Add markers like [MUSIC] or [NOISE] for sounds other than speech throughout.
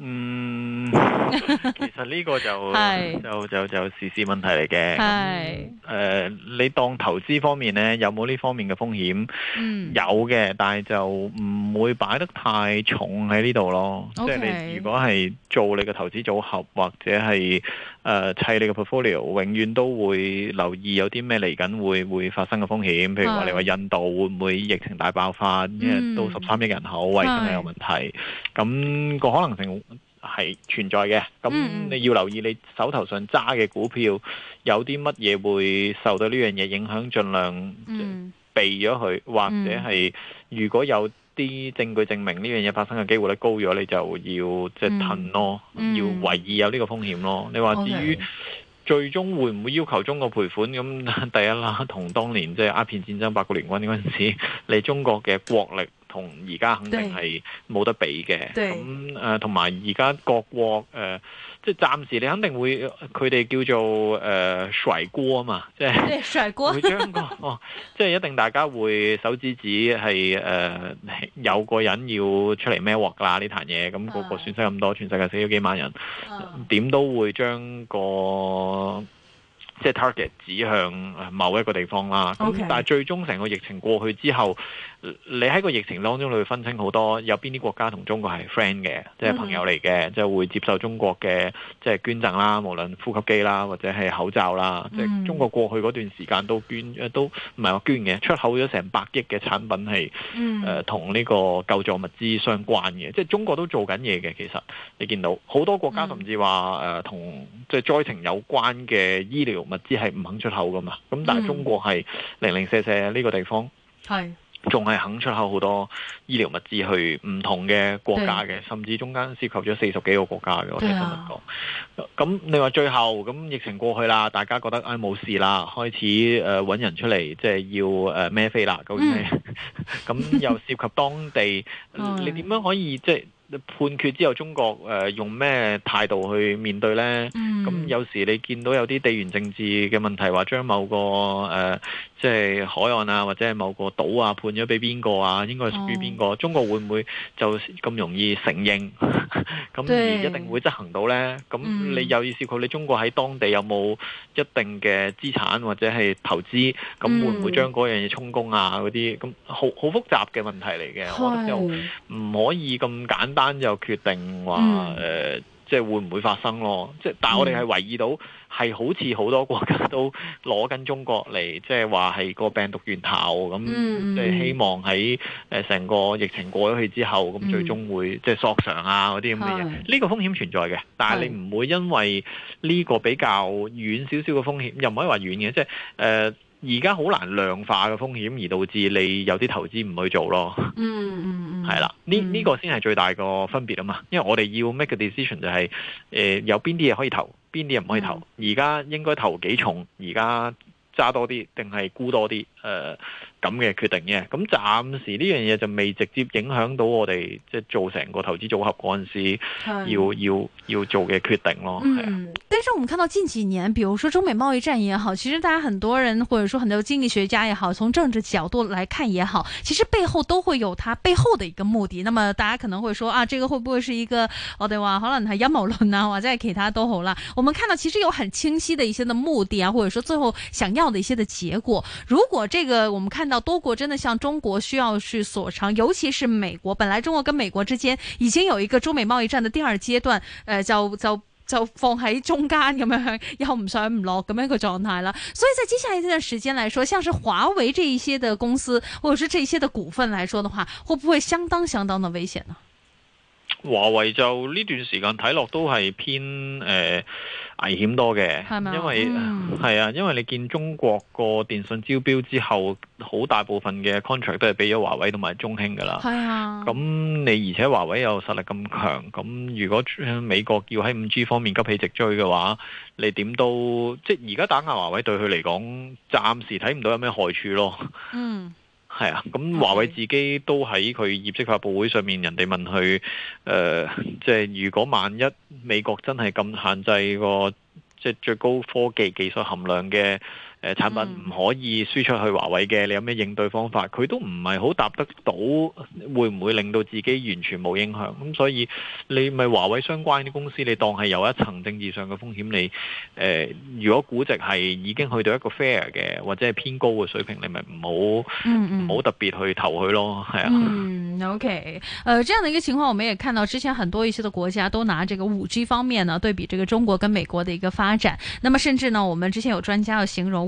嗯， [LAUGHS] 其實呢個就 [LAUGHS] 是就就就時事，事問題嚟嘅。係誒是，你當投資方面咧，有冇呢方面嘅風險？有嘅，但係就唔會擺得太重喺呢度咯。Okay. 即係你如果係做你嘅投資組合或者係誒砌你嘅 portfolio，永遠都會留意有啲咩嚟緊會會發生嘅風險。譬如話你話印度會唔會疫情大爆發？嗯、因為都十三億人口，衛生係有問題，咁是、個可能性。係存在嘅，咁你要留意你手頭上揸嘅股票有啲乜嘢會受到呢樣嘢影響，盡量、呃、避咗佢，或者係如果有啲證據證明呢樣嘢發生嘅機會咧高咗，你就要即係騰咯，嗯、要維持有呢個風險咯。你話至於最終會唔會要求中國賠款？咁第一啦，同當年即係鴉片戰爭八個、八國聯軍嗰陣時，你中國嘅國力。同而家肯定係冇得比嘅。咁誒對，同埋而家各國誒、呃，即係暫時你肯定會佢哋叫做誒甩鍋啊嘛，即係甩鍋，帥哥 [LAUGHS] 會將個、哦、即係一定大家會手指指係誒、呃、有個人要出嚟孭鑊㗎啦呢壇嘢。咁、嗯、個個損失咁多，全世界死咗幾萬人，點、啊、都會將個即係 target 指向某一個地方啦。Okay. 但係最終成個疫情過去之後。你喺個疫情當中，你會分清好多有邊啲國家同中國係 friend 嘅，即係朋友嚟嘅，即係會接受中國嘅即係捐贈啦，無論呼吸機啦，或者係口罩啦，嗯、即係中國過去嗰段時間都捐，都唔係話捐嘅，出口咗成百億嘅產品係誒同呢個救助物資相關嘅，即係中國都做緊嘢嘅。其實你見到好多國家甚至話誒同即係災情有關嘅醫療物資係唔肯出口噶嘛，咁但係中國係零零舍舍呢個地方係。嗯仲係肯出口好多醫療物資去唔同嘅國家嘅，對甚至中間涉及咗四十幾個國家嘅。啊、我聽新聞講，咁你話最後咁疫情過去啦，大家覺得唉冇、哎、事啦，開始誒揾、呃、人出嚟，即係要誒孭、呃、飛啦究竟，咁、嗯、 [LAUGHS] 又涉及當地， [LAUGHS] 你點樣可以即係？判決之後，中國誒、呃、用咩態度去面對呢？咁、嗯、有時你見到有啲地緣政治嘅問題，話將某個誒、呃、即係海岸啊，或者某個島啊判咗俾邊個啊？應該屬於邊個、啊？哦、中國會唔會就咁容易承認？咁 [LAUGHS] 這樣 對而一定會執行到呢？咁你有意思佢你中國喺當地有冇一定嘅資產或者係投資？咁會唔會將嗰樣嘢充公啊？嗰啲咁好好，好複雜嘅問題嚟嘅，我覺得就唔可以咁簡單又決定話誒、嗯呃，即係會唔會發生咯？即係，但係我哋係懷疑到係好似好多國家都攞緊中國嚟，即係話係個病毒源頭咁，即係、嗯、希望喺誒成個疫情過咗去之後，咁最終會、嗯、即係索償啊嗰啲咁嘅嘢。呢的個風險存在嘅，但係你唔會因為呢個比較遠少少嘅風險，的又唔可以話遠嘅，即係誒。呃而家好難量化嘅風險，而導致你有啲投資唔去做咯。嗯嗯嗯，係啦，呢呢、這個先係最大個分別啊嘛。因為我哋要 make 個 decision 就係、是，誒、呃、有邊啲嘢可以投，邊啲嘢唔可以投。而家、嗯、應該投幾重？而家揸多啲定係沽多啲？誒，咁嘅、呃、決定嘅，咁暫時呢樣嘢就未直接影響到我哋即係做成個投資組合嗰陣時，要要要做嘅決定咯。啊，但是我們看到近幾年，比如說中美貿易戰也好，其實大家很多人，或者說很多經濟學家也好，從政治角度來看也好，其實背後都會有它背後的一個目的。那麼大家可能會說啊，這個會不會是一個，我哋話可能係，陰謀論啊，或者係其他都好了。我們看到其實有很清晰的一些的目的啊，或者說最後想要的一些的結果。如果這這個我們看到多國真的向中國需要去索償，尤其是美國。本來中國跟美國之間已經有一個中美貿易戰的第二階段，誒、呃、就就就放喺中間咁樣，又唔上唔落咁樣一個狀態啦。所以在接下來這段時間來說，像是華為這一些的公司，或者是這一些的股份來說的話，會不會相當相當的危險呢？華為就呢段時間睇落都係偏誒。呃.危險多嘅，吧因為係、嗯、啊，因為你見中國個電信招標之後，好大部分嘅 contract 都係畀咗華為同埋中興噶啦。咁你、啊嗯、而且華為又實力咁強，咁如果美國要喺五 G 方面急起直追嘅話，你點都即係而家打壓華為對佢嚟講，暫時睇唔到有咩害處咯。嗯。係啊，咁華為自己都喺佢業績發佈會上面，人哋問佢，誒，即係如果萬一美國真係咁限制個即係最高科技技術含量嘅。誒，產品唔可以輸出去華為嘅，你有咩應對方法？佢都唔係好答得到，會唔會令到自己完全冇影響？咁、嗯、所以你咪華為相關啲公司，你當係有一層政治上嘅風險。你誒、呃，如果估值係已經去到一個 fair 嘅，或者係偏高嘅水平，你咪唔好唔好特別去投佢咯，係啊。嗯，OK 誒，這樣的嘅一個情況，我們也看到之前很多一些的國家都拿這個五 G 方面呢對比這個中國跟美國的一個發展。那麼甚至呢，我們之前有專家要形容。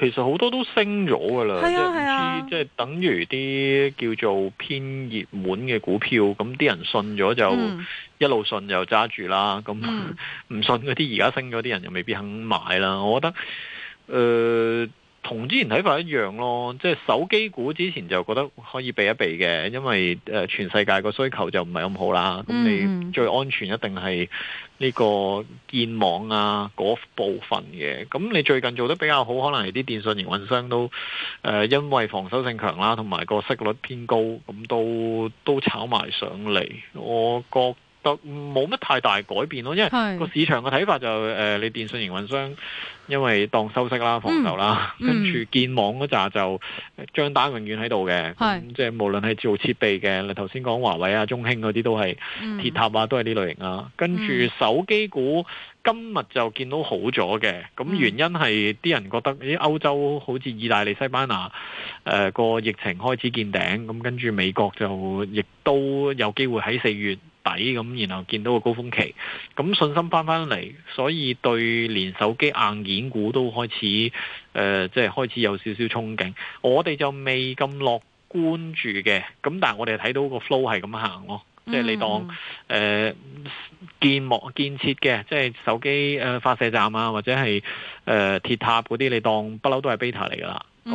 其實好多都升咗㗎喇，啊、即係唔知、啊、即係等於啲叫做偏熱門嘅股票，咁啲人信咗就、嗯、一路信就揸住啦。咁唔、嗯、 [LAUGHS] 信嗰啲而家升咗啲人又未必肯買啦。我覺得，誒、呃。同之前睇法一樣咯，即係手機股之前就覺得可以避一避嘅，因為誒、呃、全世界個需求就唔係咁好啦。咁、嗯、你最安全一定係呢個建網啊嗰部分嘅。咁你最近做得比較好，可能係啲電信營運商都誒、呃，因為防守性強啦，同埋個息率偏高，咁都都炒埋上嚟。我覺。冇乜太大改變咯，因為個市場嘅睇法就誒、是呃，你電信營運商因為當收息啦、防守啦，嗯嗯、跟住建網嗰扎就張單永遠喺度嘅。咁、嗯、是即係無論係做設備嘅，你頭先講華為啊、中興嗰啲都係鐵塔啊，都係呢類型啦。跟住手機股今日就見到好咗嘅，咁原因係啲人覺得，咦，歐洲好似意大利、西班牙誒個、呃、疫情開始見頂，咁跟住美國就亦都有機會喺四月底咁，然後見到個高峰期，咁信心翻返嚟，所以對連手機硬件股都開始誒、呃，即係開始有少少憧憬。我哋就未咁樂觀住嘅，咁但係我哋睇到個 flow 係咁行咯，即係你當誒、呃、建幕建設嘅，即係手機誒發射站啊，或者係誒、呃、鐵塔嗰啲，你當不嬲都係 beta 嚟噶啦。咁、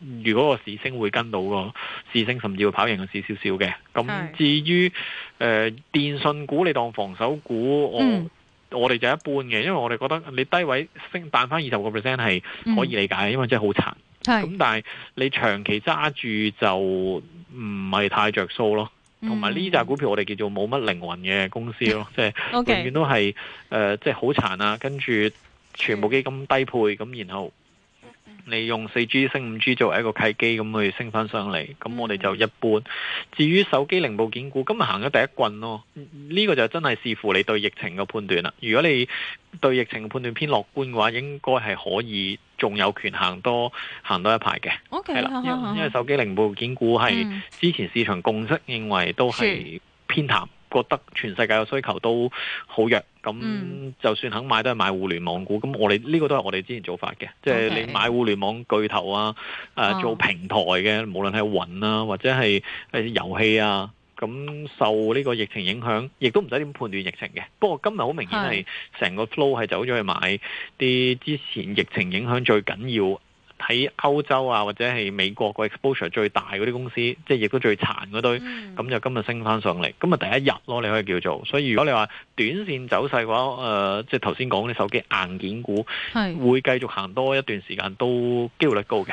嗯、如果個市升會跟到個市升，甚至會跑贏個市少少嘅。咁至於誒是、呃、電訊股，你當防守股，嗯呃、我我哋就一般嘅，因為我哋覺得你低位升彈翻二十個 percent 係可以理解，嗯、因為真係好殘。咁是，但係你長期揸住就唔係太着數咯。同埋呢隻股票，我哋叫做冇乜靈魂嘅公司咯，即係、嗯、永遠都係誒，即係好殘啊！跟住全部基金低配，咁然後。你用四 G 升五 G 作為一個契機，咁去升翻上嚟，咁我哋就一般。至於手機零部件股，今日行咗第一棍咯，呢個就真係視乎你對疫情嘅判斷啦。如果你對疫情嘅判斷偏樂觀嘅話，應該係可以仲有權行多行多一排嘅。OK，係啦，因為手機零部件股係之前市場共識認為都係偏淡。覺得全世界嘅需求都好弱，咁就算肯買都係買互聯網股。咁我哋呢、這個都係我哋之前做法嘅，即係 Okay. 你買互聯網巨頭啊，誒、啊、做平台嘅，oh. 無論係雲啊或者係誒遊戲啊，咁受呢個疫情影響，亦都唔使點判斷疫情嘅。不過今日好明顯係成個 flow 係走咗去買啲之前疫情影響最緊要。喺歐洲啊，或者係美國嘅 exposure 最大嗰啲公司，即係亦都最殘嗰堆，咁、嗯、就今日升翻上嚟，咁啊第一日咯，你可以叫做。所以如果你話短線走勢嘅話，誒、呃，即係頭先講啲手機硬件股，係是會繼續行多一段時間，都機會率高嘅。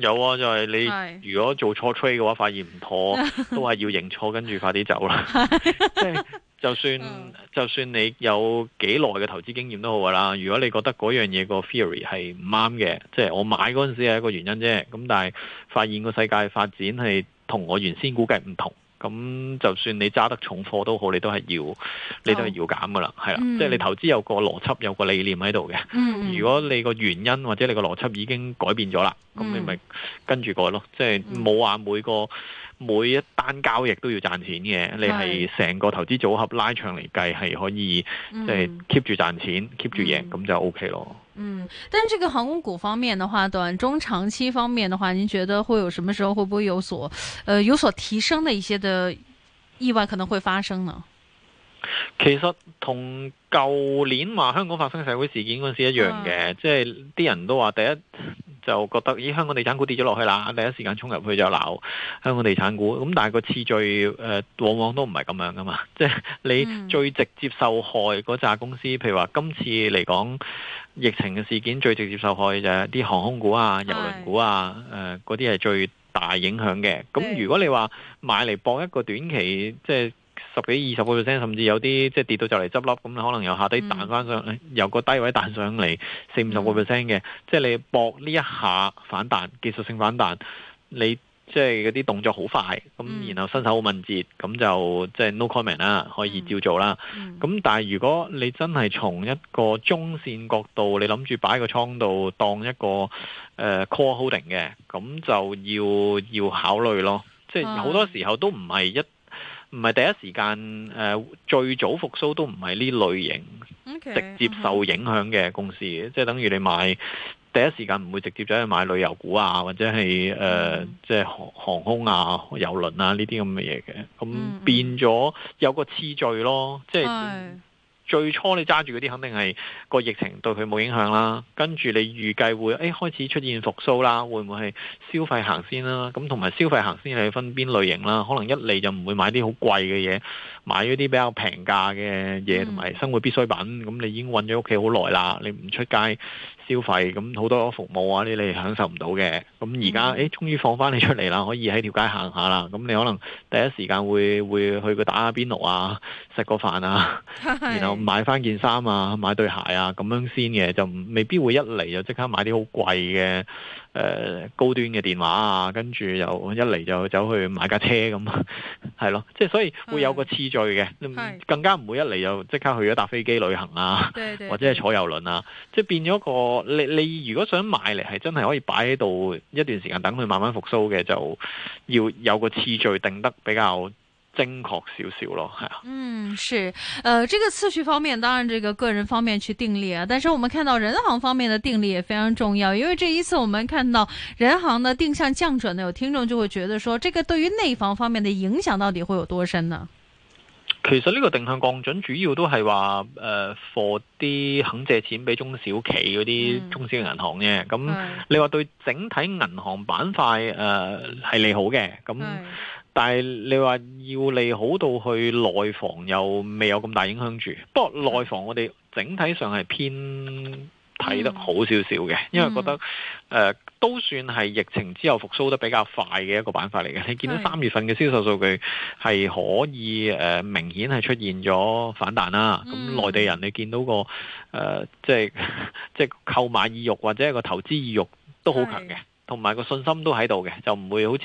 有啊，就係、是、你如果做錯 trade 嘅話，發現唔妥，都係要認錯，跟住快啲走啦。即 [LAUGHS] 係就，就算就算你有幾耐嘅投資經驗都好噶啦，如果你覺得嗰樣嘢個 theory 係唔啱嘅，即、就、係、是、我買嗰陣時係一個原因啫。咁但係發現個世界發展係同我原先估計唔同。咁就算你揸得重貨都好，你都係要，你都係要減噶啦，係啦，嗯、即係你投資有個邏輯，有個理念喺度嘅。嗯、如果你個原因或者你個邏輯已經改變咗啦，咁、嗯、你咪跟住改咯。即係冇話每個每一單交易都要賺錢嘅，嗯、你係成個投資組合拉長嚟計，係可以即係、嗯、keep 住賺錢，keep 住贏，咁、嗯、就 OK 咯。嗯，但係這個航空股方面的話，短、中、長期方面的話，您覺得會有什麼時候會不會有所，呃，有所提升的一些的意外可能會發生呢？其實同舊年嘛，香港發生社會事件嗰陣時是一樣嘅，啊、即係啲人都話第一。就覺得咦，香港地產股跌咗落去啦，第一時間衝入去就鬧香港地產股。咁但係個次序、呃、往往都唔係咁樣㗎嘛。即係你最直接受害嗰扎公司，譬如話今次嚟講疫情嘅事件，最直接受害就係啲航空股啊、郵輪股啊、誒嗰啲係最大影響嘅。咁如果你話買嚟搏一個短期，即係。十幾二十個 percent，甚至有啲即係跌到就嚟執笠，咁可能又下低彈翻上，嗯、由個低位彈上嚟四五十個 percent 嘅，4, 嗯、即係你搏呢一下反彈，技術性反彈，你即係嗰啲動作好快，咁、嗯、然後身手好敏捷，咁就即係 no comment 啦，可以照做啦。咁、嗯、但係如果你真係從一個中線角度，你諗住擺個倉度當一個誒、呃、call holding 嘅，咁就要要考慮咯。即係好多時候都唔係一。唔係第一時間，誒、呃、最早復甦都唔係呢類型，直接受影響嘅公司即係 Okay, okay. 等於你買第一時間唔會直接走去買旅遊股啊，或者係誒即係航航空啊、郵輪啊呢啲咁嘅嘢嘅，咁變咗有個次序咯，即係。最初你揸住嗰啲肯定係個疫情對佢冇影響啦，跟住你預計會誒、哎、開始出現復甦啦，會唔會係消費行先啦？咁同埋消費行先，你分邊類型啦？可能一嚟就唔會買啲好貴嘅嘢。買咗啲比較平價嘅嘢同埋生活必需品，咁、嗯、你已經穩咗屋企好耐啦，你唔出街消費，咁好多服務啊，你你享受唔到嘅。咁而家誒，終於、嗯哎、放翻你出嚟啦，可以喺條街行下啦。咁你可能第一時間會會去個打下邊爐啊，食個飯啊，的然後買翻件衫啊，買對鞋啊，咁樣先嘅，就未必會一嚟就即刻買啲好貴嘅。誒、呃，高端嘅電話啊，跟住又一嚟就走去買架車咁，係咯，即 [LAUGHS] 係所以會有個次序嘅，更加唔會一嚟就即刻去咗搭飛機旅行啊，或者係坐遊輪啊，即係變咗個你你如果想買嚟係真係可以擺喺度一段時間等佢慢慢復甦嘅，就要有個次序定得比較。精確少少咯，係啊，嗯，是，誒、呃，這個次序方面當然，這個個人方面去定立啊，但是我們看到人行方面的定力也非常重要，因為這一次我們看到人行的定向降準呢，有聽眾就會覺得說，這個對於內房方面的影響到底會有多深呢？其實呢個定向降準主要都係話誒，放、呃、啲肯借錢俾中小企嗰啲中小銀行嘅。咁你話對整體銀行板塊誒係、呃、利好嘅，咁。是但係你話要利好到去內房又未有咁大影響住，不過內房我哋整體上係偏睇得好少少嘅，嗯、因為覺得誒、嗯呃、都算係疫情之後復甦得比較快嘅一個板塊嚟嘅。你見到三月份嘅銷售數據係可以誒、呃、明顯係出現咗反彈啦。咁內、嗯、地人你見到個誒即係即係購買意欲或者係個投資意欲都好強嘅。同埋個信心都喺度嘅，就唔會好似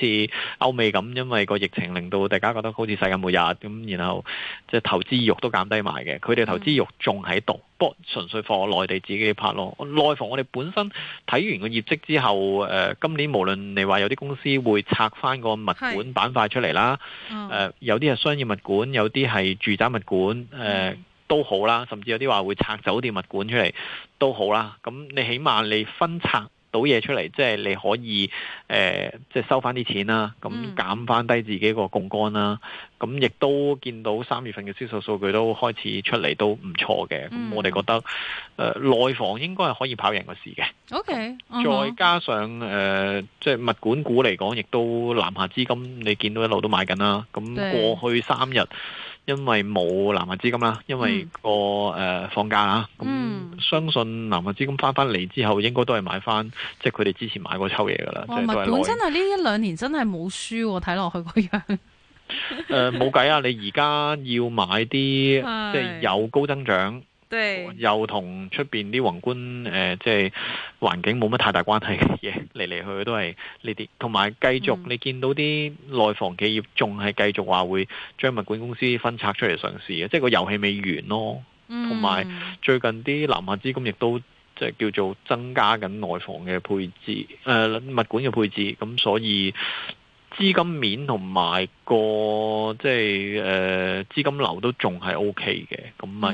歐美咁，因為個疫情令到大家覺得好似世界末日咁、嗯，然後即係、就是、投資欲都減低埋嘅。佢哋投資欲仲喺度，不過純粹放內地自己拍咯。內房我哋本身睇完個業績之後，誒、呃、今年無論你話有啲公司會拆翻個物管板塊出嚟啦、哦呃，有啲係商業物管，有啲係住宅物管，誒、呃嗯、都好啦，甚至有啲話會拆酒店物管出嚟都好啦。咁你起碼你分拆倒嘢出嚟，即係你可以，誒、呃，即係收翻啲錢啦，咁減翻低自己個槓桿啦，咁亦、嗯、都見到三月份嘅銷售數據都開始出嚟，都唔錯嘅。咁我哋覺得，誒、呃，內房應該係可以跑贏個市嘅。O、okay, K，、uh huh. 再加上誒、呃，即係物管股嚟講，亦都南下資金，你見到一路都買緊啦。咁過去三日。因為冇南華資金啦，因為、那個誒放假啊，咁、嗯呃嗯、相信南華資金翻返嚟之後應該都買，應該都係買翻即係佢哋之前買過抽嘢噶啦。哇，是是本身係呢一兩年真係冇輸，睇落去個樣、呃。誒，冇計啊！你而家要買啲 [LAUGHS] 即係有高增長。對又同出邊啲宏觀誒、呃，即係環境冇乜太大關係嘅嘢，嚟嚟去去都係呢啲。同埋繼續、嗯、你見到啲內房企業仲係繼續話會將物管公司分拆出嚟上市嘅，即係個遊戲未完咯。同埋最近啲南下資金亦都即係叫做增加緊內房嘅配置，誒、呃、物管嘅配置，咁、嗯、所以。資金面同埋個即係誒資金流都仲係 O K 嘅，咁咪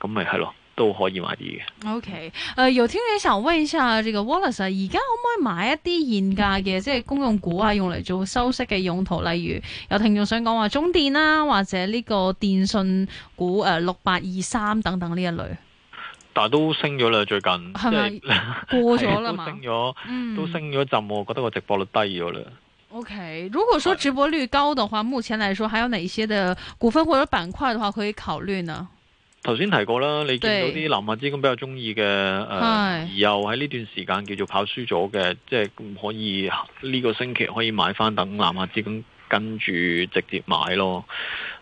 咁咪係咯，都可以買啲嘅。O K，誒，有聽眾想問一下呢個 Wallace，而、啊、家可唔可以買一啲現價嘅即係公用股啊，用嚟做收息嘅用途？例如有聽眾想講話中電啦、啊，或者呢個電信股誒六八二三等等呢一類。但係都升咗啦，最近即係過咗啦升咗， [LAUGHS] 都升咗了、嗯、一陣，我覺得個直播率低咗啦。O、okay, K，如果說值博率高的話，目前來說還有哪些的股份或者板塊的話可以考慮呢？頭先提過啦，你見到啲南下資金比較中意嘅，誒對，呃、又喺呢段時間叫做跑輸咗嘅，即係可以呢、這個星期可以買翻，等南下資金跟住直接買咯，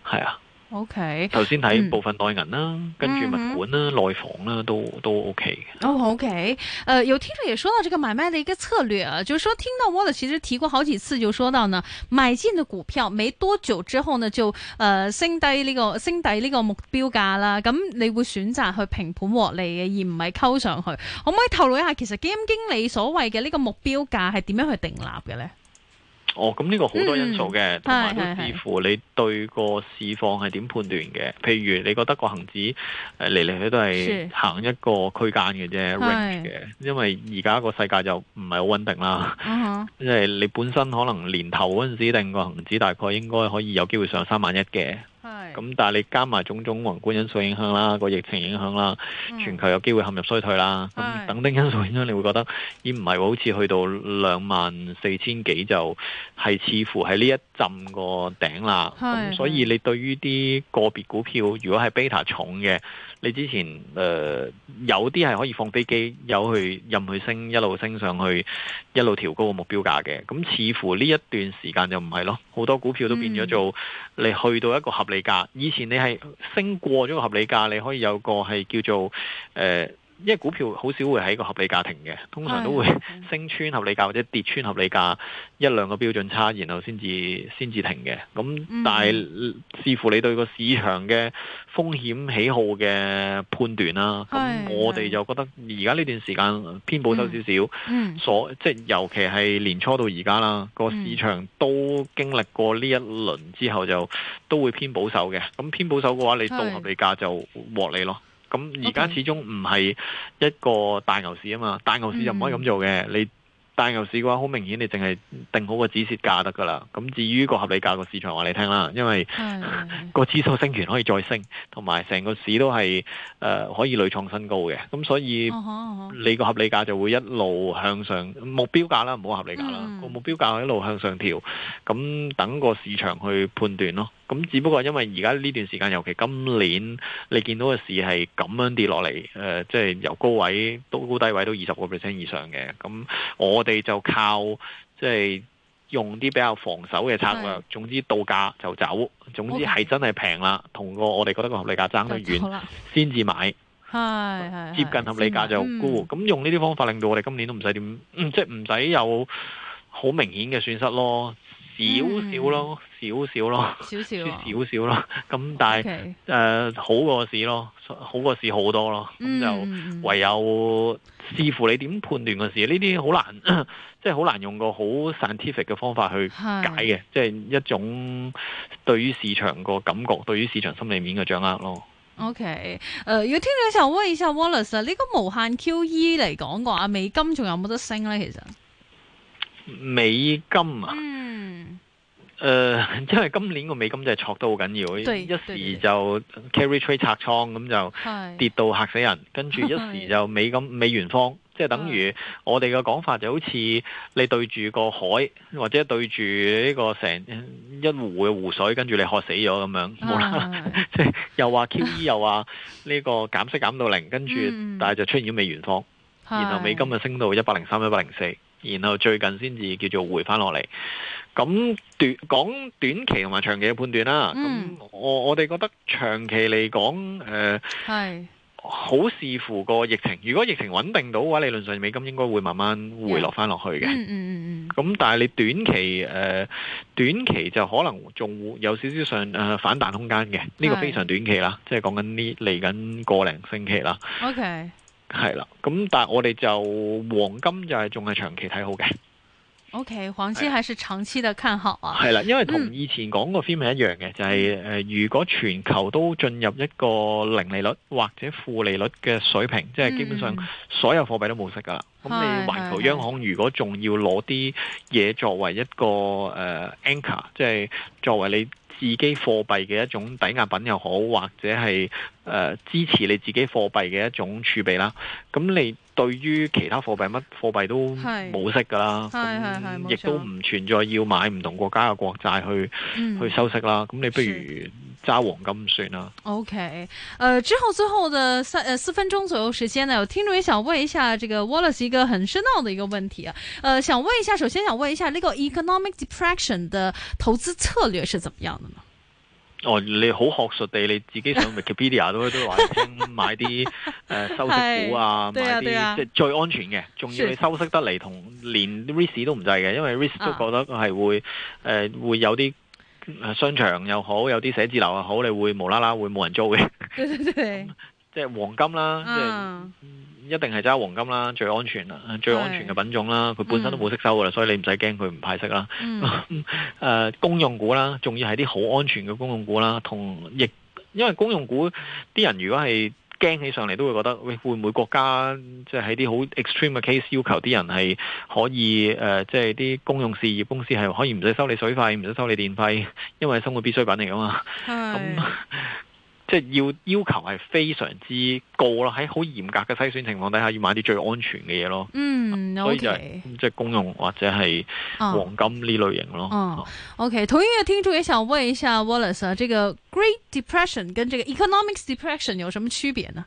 係啊。O K，頭先睇部分內銀啦，嗯、跟住物管啦、嗯、哼內房啦，都都 O、OK、K。哦，O K，誒，有聽眾也說到這個買賣的一個策略啊，就是說聽到我哋其實提過好幾次，就說到呢買進的股票，沒多久之後呢，就誒、呃、升低呢、這個升到呢個目標價啦，咁你會選擇去平盤獲利嘅，而唔係溝上去。可唔可以透露一下，其實基金經理所謂嘅呢個目標價係點樣去定立嘅咧？哦，咁、這、呢個好多因素嘅，嗯、同埋都視乎你對個市況係點判斷嘅。譬如你覺得個恆指誒嚟嚟去去都係行一個區間嘅啫 range 嘅，因為而家個世界就唔係好穩定啦。因為、啊、哈 [LAUGHS] 你本身可能年頭嗰陣時，定個恆指大概應該可以有機會上三萬一嘅。咁、嗯、但係你加埋種種宏觀因素影響啦，個疫情影響啦，全球有機會陷入衰退啦，咁、嗯、等等因素影響，你會覺得而唔係好似去到兩萬四千幾就係似乎喺呢一浸個頂啦。咁、嗯、所以你對於啲個別股票，如果係 beta 重嘅。你之前誒、呃、有啲係可以放飛機，有去任去升，一路升上去，一路調高個目標價嘅。咁似乎呢一段時間就唔係咯，好多股票都變咗做你去到一個合理價。以前你係升過咗個合理價，你可以有個係叫做誒。呃因為股票好少會喺個合理價停嘅，通常都會升穿合理價或者跌穿合理價一兩個標準差，然後先至先至停嘅。咁但係、嗯、視乎你對個市場嘅風險喜好嘅判斷啦。咁、嗯、我哋就覺得而家呢段時間偏保守少少，所即係尤其係年初到而家啦，個市場都經歷過呢一輪之後，就都會偏保守嘅。咁偏保守嘅話，你到合理價就獲利咯。咁而家始終唔係一個大牛市啊嘛，大牛市就唔可以咁做嘅。嗯、你大牛市嘅話，好明顯你淨係定好個止蝕價得噶啦。咁至於個合理價個市場話你聽啦，因為個指數升完可以再升，同埋成個市都係誒、呃、可以累創新高嘅。咁所以你個合理價就會一路向上目標價啦，唔好合理價啦。個、嗯、目標價一路向上調，咁等個市場去判斷咯。咁只不過因為而家呢段時間，尤其今年你見到嘅市係咁樣跌落嚟，誒、呃，即、就、係、是、由高位都高低位都二十個 percent 以上嘅。咁我哋就靠即係、就是、用啲比較防守嘅策略，是總之到價就走，總之係真係平啦，同個 Okay. 我哋覺得個合理價爭得遠，先至買。係接近合理價就沽，咁、嗯、用呢啲方法令到我哋今年都唔使點，即係唔使有好明顯嘅損失咯。少少咯，少少咯，嗯、少少咯，咁但係誒 Okay.、呃、好過市咯，好過市好多咯，咁、嗯、就唯有視乎你點判斷個事。呢啲好難，即係好難用個好 scientific 嘅方法去解嘅，是即係一種對於市場個感覺，對於市場心理面嘅掌握咯。OK，誒、uh,，要聽嘅時候，問一下 Wallace 啊，呢個無限 QE 嚟講嘅話，美金仲有冇得升咧？其實美金啊。嗯誒、呃，因為今年個美金真係錯得好緊要，一時就 carry trade 拆倉咁就跌到嚇死人，對跟住一時就美金美元方，即係對等於我哋嘅講法就好似你對住個海或者對住呢個成一湖嘅湖水，跟住你渴死咗咁樣，冇啦、即係對 [LAUGHS] 又話 QE 又話呢個減息減到零，跟住、嗯、但係就出現咗美元方，對然後美金就升到一百零三、一百零四。然後最近先至叫做回翻落嚟，咁短講短期同埋長期嘅判斷啦。咁我我哋覺得長期嚟講，誒，係好視乎個疫情。如果疫情穩定到嘅話，理論上美金應該會慢慢回落翻落去嘅。嗯嗯嗯嗯。咁但係你短期誒，短期就可能仲有少少上誒反彈空間嘅。呢個非常短期啦，即係講緊呢嚟緊個零星期啦。OK。係啦，咁但係我哋就黃金就係仲係長期睇好嘅。O、okay, K，黃金還是長期的看好啊。係啦，因為同以前講個 theme 係一樣嘅，就係、是、誒、呃，如果全球都進入一個零利率或者負利率嘅水平，嗯、即係基本上所有貨幣都冇息噶啦。咁、嗯、你環球央行如果仲要攞啲嘢，作為一個誒、呃、anchor，即係作為你。自己貨幣嘅一種抵押品又好，或者係誒、呃、支持你自己貨幣嘅一種儲備啦。咁你對於其他貨幣乜貨幣都冇息㗎啦，亦都唔存在要買唔同國家嘅國債去是去收息啦。咁、嗯、你不如揸黃金算啦。OK，誒、呃、之後最後嘅三誒、呃、四分鐘左右時間呢，有聽眾也想問一下，這個 Wallace 一個很深奧嘅一個問題啊。誒、呃，想問一下，首先想問一下呢個 economic depression 嘅投資策略是怎麼樣呢？哦，你好學術地，你自己上 Wikipedia 都 [LAUGHS] 都話，先買啲誒、呃、收息股啊， [LAUGHS] 買啲即係最安全嘅，仲要你收息得嚟，同連 risk 都唔制嘅，因為 risk 都覺得係會誒、呃、會有啲商場又好，有啲寫字樓又好，你會無啦啦會冇人租嘅，即 [LAUGHS] 係、嗯就係、黃金啦。 [LAUGHS] 嗯一定係揸黃金啦，最安全啦，最安全嘅品種啦，佢是本身都冇息收噶啦，嗯、所以你唔使驚佢唔派息啦。誒、嗯 [LAUGHS] 呃、公用股啦，仲要係啲好安全嘅公用股啦，同亦因為公用股啲人如果係驚起上嚟，都會覺得喂會唔會國家即係、就、喺、是、啲好 extreme 嘅 case 要求啲人係可以誒，即係啲公用事業公司係可以唔使收你水費，唔使收你電費，因為係生活必需品嚟噶嘛。是 [LAUGHS] 嗯即係要要求係非常之高啦，喺好嚴格嘅篩選情況底下，要買啲最安全嘅嘢咯。嗯，okay。所以就係即係公用或者係黃金呢類型咯。嗯，嗯，OK，同一位聽眾也想問一下 Wallace 啊，呢個 Great Depression 跟呢個 Economics Depression 有什麼區別呢？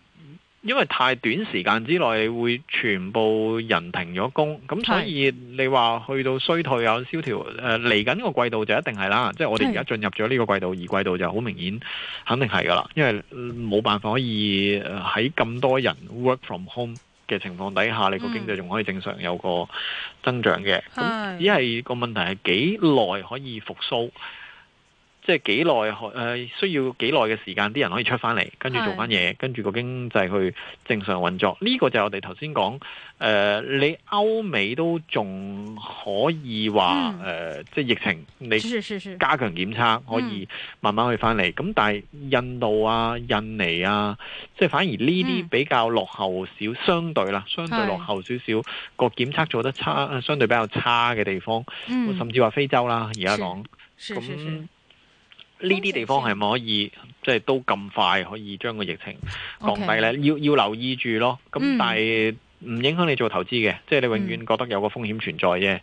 因為太短時間之內會全部人停咗工，咁所以你話去到衰退啊、蕭條，誒，嚟緊個季度就一定係啦，即係我哋而家進入咗呢個季度二季度就好明顯肯定係噶啦，因為冇辦法可以喺咁多人 work from home 嘅情況底下，你個經濟仲可以正常有個增長嘅，咁，嗯，只係個問題係幾耐可以復甦。即係幾耐？誒，需要幾耐嘅時間，啲人可以出翻嚟，跟住做翻嘢，跟住個經濟去正常運作。呢個就係我哋頭先講，誒，你歐美都仲可以話，誒，即係疫情你加強檢測，可以慢慢去翻嚟。咁但係印度啊、印尼啊，即係反而呢啲比較落後少，相對啦，相對落後少少，個檢測做得差，相對比較差嘅地方，甚至話非洲啦，而家講咁。呢啲地方係咪可以即係都咁快可以將個疫情降低咧？要要留意住咯。咁但係唔影響你做投資嘅，嗯、即係你永遠覺得有個風險存在啫。咁、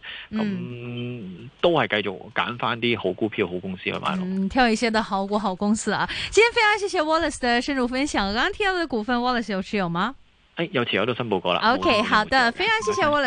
嗯、都係繼續揀翻啲好股票、好公司去買咯。挑、嗯、一些的好股好公司啊！今天非常謝謝 Wallace 的深入分享。剛剛提到的股份，Wallace 有持有嗎？誒、欸，有持有都申報過啦。OK，好的，非常謝謝 Wallace。